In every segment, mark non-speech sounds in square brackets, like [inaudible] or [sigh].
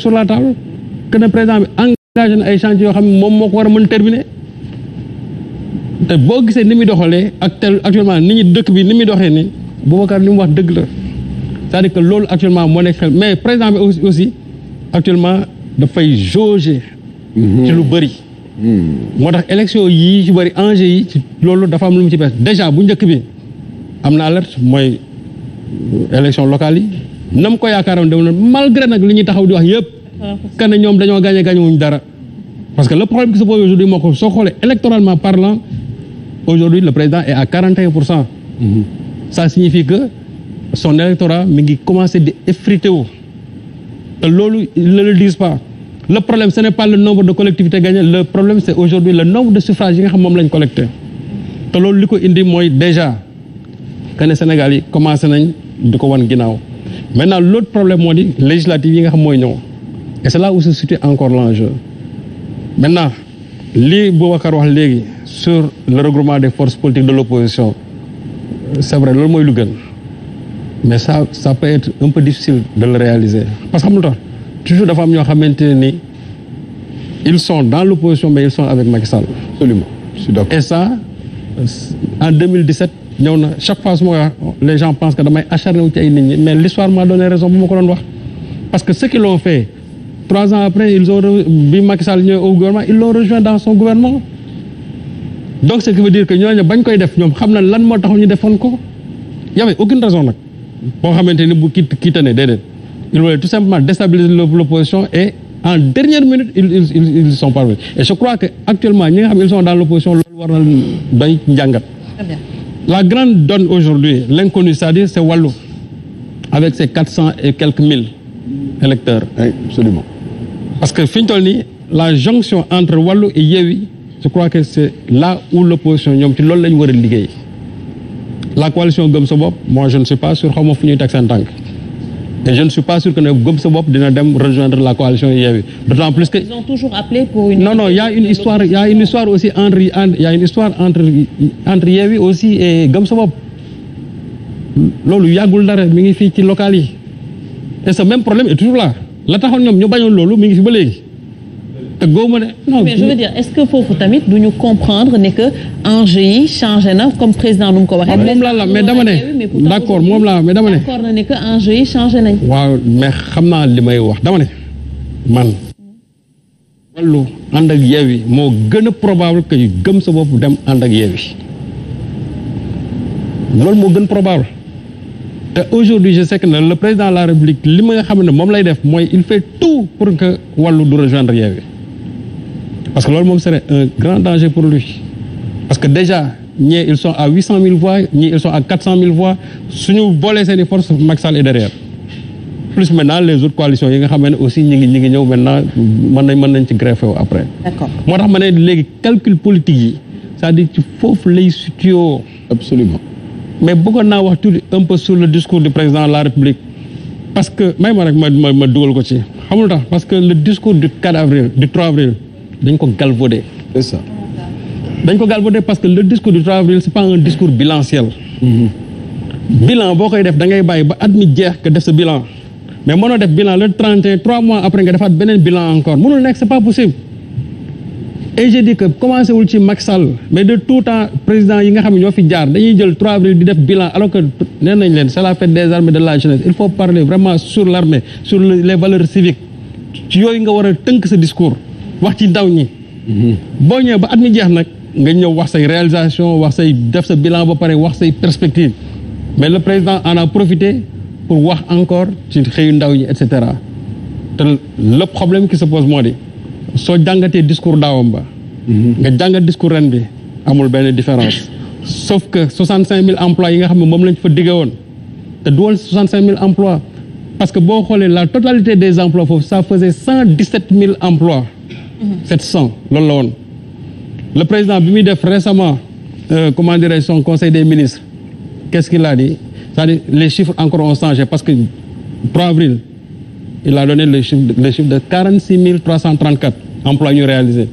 sur la table que ne président bi engagé na ay chantiers yoo xam ne moom moo ko war a mën terminer te boo gisee ni muy doxalee ak tel actuellement ni ñu dëkk bi ni muy doxee ni Boubacar li mu wax dëgg la c'est-à-dire que loolu actuellement moo nekk xel mais président bi aussi actuellement dafay jauger ci lu bëri moo tax élection yii ci bëri enjeu yi ci loolu dafa am lu mu ci bees déjà bu njëkk bi am na alerte mooy élection locale yi nam ko yaakaaroon dem na malgré nag li ñuy taxaw di wax yëpp kan ne ñoom dañoo gagné gagné wuñ dara parce que le problème qui se pose aujourd'hui moo ko soo xoolee électoralement parlant aujourd'hui le président est à 41 pour cent mm-hmm. ça signifie que son électorat mi ngi commencé di effrité wu te loolu ils ne le disent pas le problème ce n'est nombre de collectivité gagnées le problème c'est aujourd'hui le nombre de suffrages yi nga xam moom lañ collecté te loolu li ko indi mooy déjà que ne Sénégal yi commencé nañ di ko wan ginnaaw maintenant l'autre problème moo di législative yi nga xam mooy ñëw et c'est là où se situe encore l'enjeu maintenant lii Boubacar wax léegi sur le regroupement des forces politiques de l'opposition c'est vrai loolu mooy lu gën mais ça ça peut être un peu difficile de le réaliser parce que xam nga toujours dafa am ñoo xamante ne ni ils sont dans l'opposition mais ils sont avec Macky Sall. absolument je suis d'accord et ça en ñëw na chaque fois su ma wax les gens pensent que damay acharné wu ci ay nit ñi mais l'histoire m'a donné raison bu ma ko doon wax parce que ceux qui l'ont fait trois ans après ils ont bi Macky Sall ñëwee rejoint dans son gouvernement donc ce qui veut dire que ñooñu bañ koy def ñoom xam na lan moo tax ñu defoon ko y avait aucune raison nag boo xamante ni bu kii kii tane déedéet ils voulaient tout simplement déstabiliser l'opposition et en dernière minute ils ils ils sont parvenus et je crois que nga xam ils sont dans l'opposition loolu war na La grande donne aujourd'hui, l'inconnu, c'est-à-dire, c'est Wallou, avec ses et quelques mille électeurs. Oui, absolument. Parce que, Fintolni, la jonction entre Wallou et Yewi, je crois que c'est là où l'opposition, la coalition Gomsobop, moi je ne sais pas sur comment finir Taxantank. Et je ne suis pas sûr que Gobsebop dina dem rejoindre la coalition Yewwi. D'autant plus que ils ont toujours appelé pour une Non non, il histoire, aussi entre il y a aussi et Gobsebop. loolu yàggul dara mi ngi fii ci local yi. Et ce même problème est toujours La taxoon ñoom ñu bañoon loolu mi ngi fi ba léegi. te góoma de. non mais est-ce que foofu tamit du ñu comprendre ne que enjeu yi changé na comme président nu mu ko waxee. Ah, moom laa la mais damane ne d'accord moom laa mais dama ne. d'accord na ne que enjeu yi changé nañ. waaw mais xam naa li may wax dama man. wàllu ànd ak Yewwi moo gën a probable que ñu gëm sa bopp dem ànd ak Yewwi loolu moo gën probable te aujourd'hui je sais que le président de la République li ma xam ne moom lay def mooy il fait tout pour que wàllu du rejoindre Yewwi parce que loolu moom serait un grand danger pour lui parce que déjà ñii ils sont à huit cent mille voix ñii ils sont à quatre cent mille voix suñu boolee seen i force Macky Sall est derrière plus maintenant les autres coalitions yi nga xam ne aussi ñi ngi ñi ngi ñëw maintenant mën nañ mën nañ ci greffé wu après moo tax ma ne léegi calcul politique yi c'est-à-dire ci foofu lay situé mais bëggoon naa wax tuuti un peu sur le discours du président de la République parce que may ma rek ma dugal ko ci xamul tax parce que le discours du 4 avril dañ ko galvaudé. c'est ça. dañ ko galvaudé parce que le discours du 3 avril c'est pas un discours bilanciel. Mm-hmm. bilan boo koy def dangay bàyyi ba at mi jeex nga def sa bilan. mais mënoo def bilan le 31 3 mois après nga defaat beneen bilan encore mënul nekk c'est pas possible. et j'ai wul ci Macky Sall mais de tout temps président yi nga xam ne ñoo fi jaar dañuy jël 3 avril di def bilan alors que nee nañ leen c'est la fête des armées de la jeunesse il faut parler vraiment sur l'armée sur les valeurs civiques ci yooyu nga a tënk sa discours. wax ci ndaw ñi boo ñëwee ba at mi jeex nag nga ñëw wax say réalisation wax say def sa bilan ba pare wax say perspective mais le président en a profité pour wax encore ci xëyu ndaw ñi et cetera te le problème qui se pose moo di soo jàngatee discours daawam ba nga jàngat discours ren bi amul benn différence sauf que soixante cinq mille emplois yi nga xam ne moom lañ fa digge woon te du woon soixante cinq mille emploi parce que boo xoolee la totalité des emplois foofu ça faisait cent dix sept mille emplois 700 mm-hmm. loolu la woon le président bi muy def récemment euh, comment dirais son conseil des ministres qu'est-ce qu'il a les chiffres encore ont parce que 3 avril il a donné le chiffre le chiffre de 46 334 emplois ñu réalisés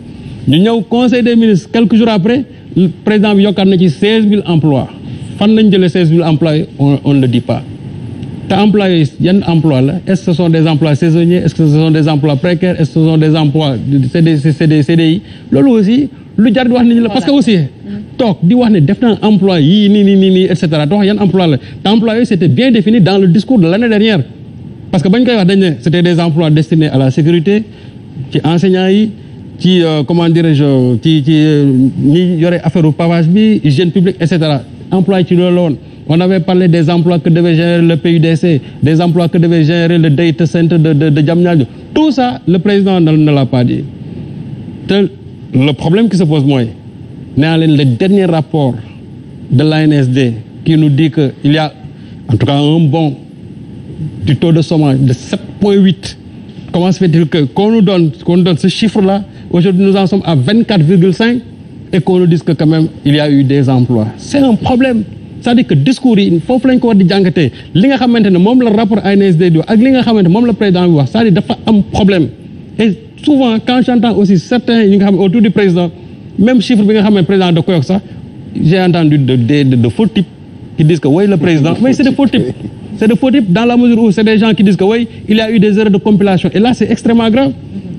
ñu ñëw conseil des ministres quelques après le président bi na ci 16000 emplois fan lañ jëlee 16000 emplois on on ne le dit te emplois yooyu yan emploi la est-ce que ce sont des emplois saisonniers est-ce que ce sont des emplois précaires est-ce que ce sont des emplois CDD CDI loolu aussi lu jar wax nit ñi la parce que aussi toog di wax ne def naa emploi yii ni nii nii nii et cetera te wax yan emploi la te emploi c'était bien défini dans le discours de l'année dernière parce que bañ koy wax dañ ne c'était des emplois destinés à la sécurité ci enseignants yi ci euh, comment dirais-je ci ci euh, ñi yore affaire pavage bi hygiène publique et cetera emploi ci loolu la On avait parlé des emplois que devait générer des emplois que devait générer le data Tout ça, le président ne, l'a pas dit. Le problème qui se pose, moi, le dernier rapport de l'ANSD qui nous dit qu'il en tout cas un bon du taux de chômage de 7,8. Comment se fait-il que qu'on nous donne, qu'on donne ce chiffre-là, aujourd'hui nous en sommes à 24,5 et qu'on nous dise que quand des emplois. C'est un c'est-à-dire que discours yi foofu lañ ko war di jàngatee li nga xamante ne moom la rapport ANSD di wax ak li nga xamante moom la président wax c'est-à-dire am problème et souvent quand j'entends aussi certains yi nga xam autour président même chiffre bi nga xam président da koy sax j'ai entendu de de de, de faux types qui disent que oui le président mais c'est de faux types dans la mesure où c'est des gens qui disent que oui il y a eu des erreurs de compilation et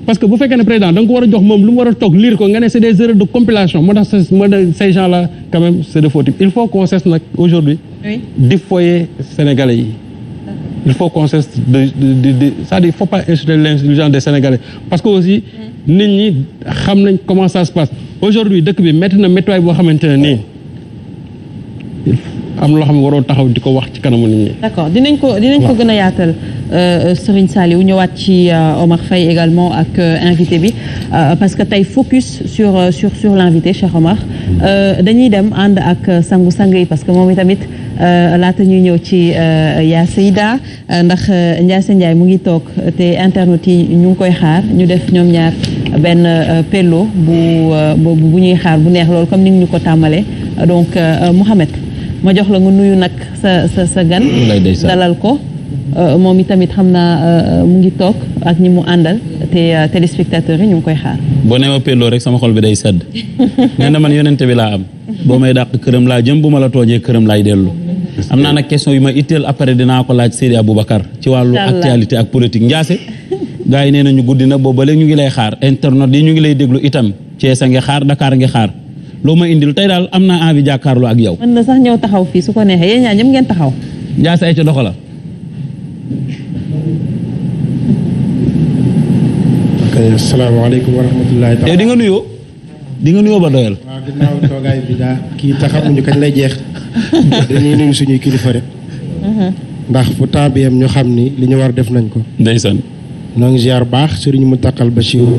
parce que bu fekkee ne président da ko war a jox moom lu mu war a toog lire ko nga ne c'est des erreurs de compilation moo tax ces gens là quand c'est de faux type il faut qu'on cesse nag aujourd'hui di foyer sénégalais yi il faut qu'on de de parce que aussi nit ñi xam nañ comment ça se passe aujourd'hui dëkk bi métti na méttiwaay boo xamante ne nii am loo xam waroo taxaw di ko wax ci kanamu nit ñi. d'accord dinañ ko dinañ gën a yaatal euh, euh, Serigne wu ñëwaat ci euh, Omar Faye également ak invité bi parce que tey focus sur sur sur l'invité Cheikh Omar mm-hmm. dañuy dem ànd ak sangu sangu yi parce que moom itamit laata ñuy ñëw ci yaa Seyda ndax Ndiasse Ndiaye mu ngi toog te internet yi ñu ngi koy xaar ñu def ñoom ñaar benn pello bu bu ñuy xaar bu neex loolu comme ni ñu ko tàmmalee donc Mouhamed. ma jox la nga nuyu nag sa sa sa gan mm, dalal ko euh, moom itamit xam naa euh, mu ngi toog ak ñi mu àndal te euh, téléspectateurs yi ñu mu koy xaar boo nee ma pelloo rek sama xol bi day sedd [laughs] nee na man yonente bi laa am boo may dàq këram laa jëm bu ma la toojee këram laay dellu am naa nag question yu ma itteel après dinaa ko laaj Seydi Aboubacar ci wàllu actualité ak politique njaase [laughs] gars yi nee na guddi na boobu ba ñu ngi lay xaar internet yi ñu ngi lay déglu itam Thiès a ngi xaar Dakar ngi xaar loo ma indil tey daal am naa envie jàkkaarloo ak yow. mën na sax ñëw taxaw fii su ko neexee yéen ñaa ñëpp ngeen taxaw. Ndiaye sa ay ca dox wa di nga nuyoo di nga nuyoo ba doyal. waaw ginnaaw toogaay kii taxamuñu kañ lay jeex dañuy nuyu suñuy kilifa rek. Mhm. ndax fu temps bi ñu xam ni li ñu war def nañ ko. ndeysaan. ñoo ngi ziar baax takkal ba Bachir.